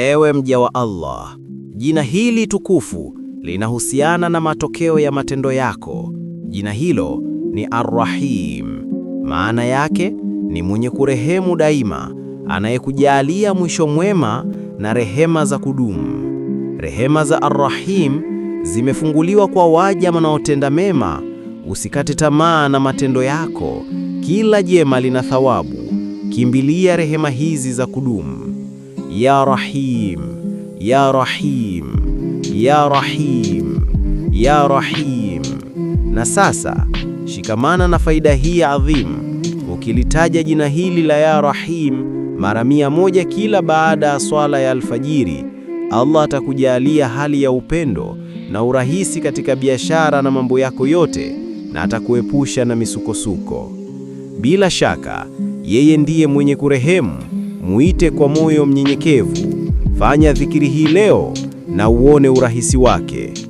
Ewe mja wa Allah, jina hili tukufu linahusiana na matokeo ya matendo yako. Jina hilo ni Ar-Rahim. Maana yake ni mwenye kurehemu daima, anayekujalia mwisho mwema na rehema za kudumu. Rehema za Ar-Rahim zimefunguliwa kwa waja wanaotenda mema. Usikate tamaa na matendo yako, kila jema lina thawabu. Kimbilia rehema hizi za kudumu ya Rahim, ya Rahim, ya Rahim, ya Rahim. Na sasa shikamana na faida hii adhimu. Ukilitaja jina hili la ya Rahim mara mia moja kila baada ya swala ya alfajiri, Allah atakujalia hali ya upendo na urahisi katika biashara na mambo yako yote, na atakuepusha na misukosuko. Bila shaka yeye ndiye mwenye kurehemu muite kwa moyo mnyenyekevu. Fanya dhikiri hii leo na uone urahisi wake.